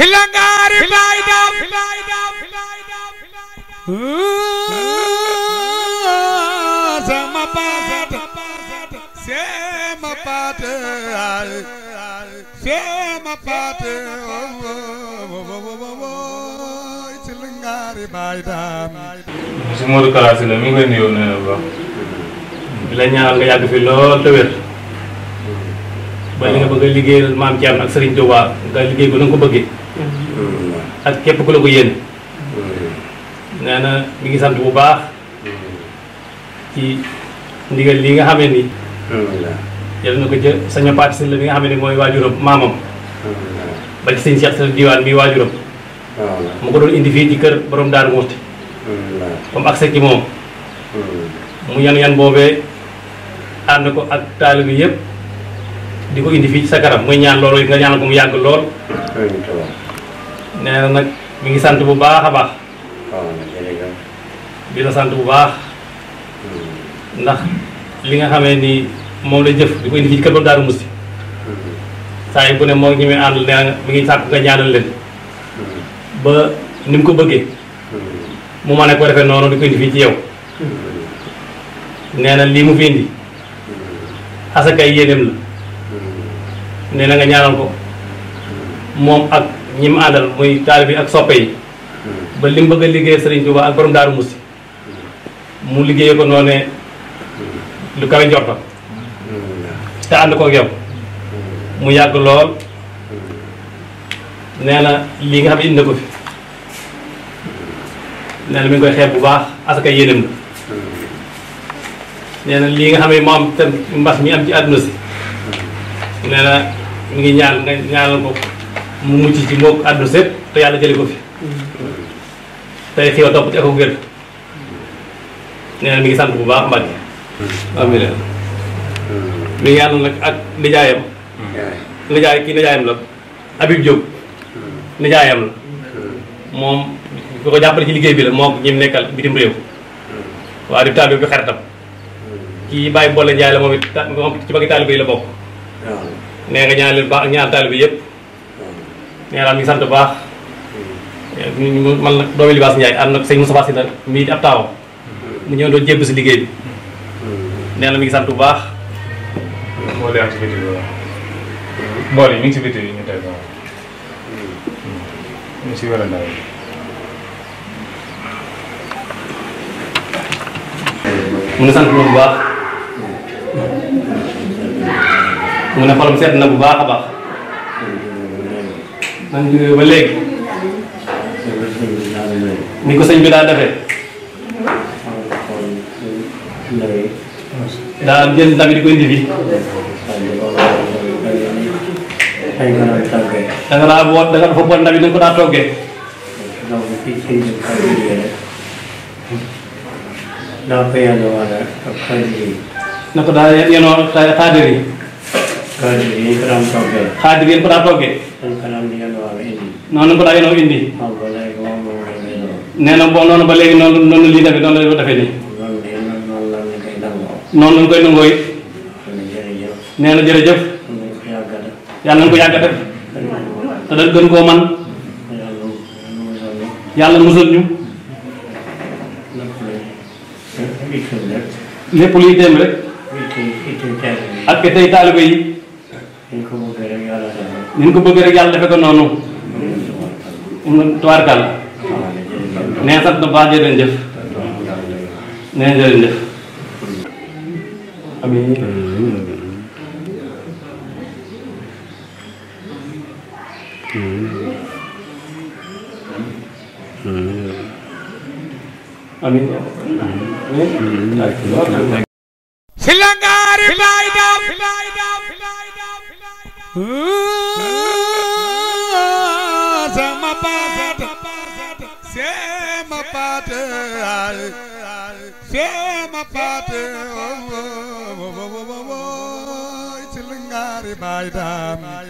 filangaari baay daam sama paat sama paat sama paat filangaari baay daam si Modou Kara Sylla mi ngi koy nuyoo nee na bu baax fi lool te wér ba nga bëgg a liggéeyal maam Thierno ak Serigne Touba nga liggéey ko na ko bëggee. Mm-hmm. ak képp ku la ko yéene. Mm-hmm. nee mi ngi sant bu baax mm-hmm. ci ndigal li nga xamee ni. jël na ko jë sañ Pathé Sylla bi nga xam ne mooy waajuram maamam. ba ci sëñ Cheikh Sall diwaan bi waajuram. mu ko doon indi fii ci kër borom Daaru Muxti. comme accès ci moom. mu yan yan boobee ànd ko ak taalibe yëpp. di ko indi fii sa kanam muy ñaan loolu nga ñaan ko mu yàgg lool. nee nag mi ngi sant bu baax a baax. di la sant bu baax. Hmm. ndax li nga xamee ni moom la jëf di ko indi fii ci kër ba Daaru Musti hmm. saa yi bu ne moo ngi muy àndal nee na ngi sàkk nga ñaanal leen. Hmm. ba ni mu ko bëggee. mu mën a ko defee noonu di ko indi fii ci yow. nee na lii mu fi indi. asakay yéeneem la. nee na nga ñaanal ko moom ak ñi mu àndal muy taalibe ak soppe yi ba li mu bëgg a liggéey Serigne Touba ak borom Daaru Musti mu liggéeyee ko noonu ne lu kawe njorta te ànd koog yow mu yàgg lool nee na lii nga xam ne indi ko fi nee na ngi koy xeeb bu baax asaka yéenam la nee na lii nga xam ne moo te mbas mi am ci àdduna si nee na mi ngi ñaan nga ñaanal ko mu mucc ci mbokk àddu set te yàlla jëli ko fi tey xew topp ci ak wér nee na mi ngi sant bu baax Mbàkke amiin mi ngi ànd nag ak nijaayam nijaay kii nijaayam la Habib Diop hmm. nijaayam la hmm. moom bi ko jàppale ci liggéey bi la moo ñim nekkal bitim réew hmm. waaw di taalibe bi xaritam kii bàyyi boole njaay la moom it ci magi taalibe la bokk nee nga ñaanal baax ak ñaan taalibe yépp hmm. nee mi sant baax hmm. eh, man nag doomi libaas njaay ànd nag sëñ Moustapha si nag mii di ab taawam hmm. mu ñëw doon jébb si liggéey bi nee mi ngi sant bu baax yaa ngi bi mi ngi bi ñu ñu ndaw mu sant bu baax mune xolam set na bu baax baax man ngi ba léegi ni ko sëñ bi daa defee daa jël ndab di ko indi fi da nga daa boot da nga dafa boot ndab da ko daa toggee na ko daa yenoo taadir yi kaadir yi ko daan toggee. kaadir yi ko daan toggee. noonu ko daan yenoo indi. nee na boo noonu ba léegi noonu noonu lii tamit noonu la ko defee nii. noonu lañ koy nangoo it. nee na jërëjëf. yàlla nañ ko yàgg a def. te dañ gën koo man yàlla musal ñu. lépp luy dem rek. ak tey taalibe yi. ఇంకుబుగరిగి అల్లెకన్నాను త్వరకాల నేను సత్తు బాగా చేయడం చెప్పు నేను చేయడం చెప్పు అవి I mean, I mean, sama paata sama paata sama paata oo oo oo oo ci lingaari baay daam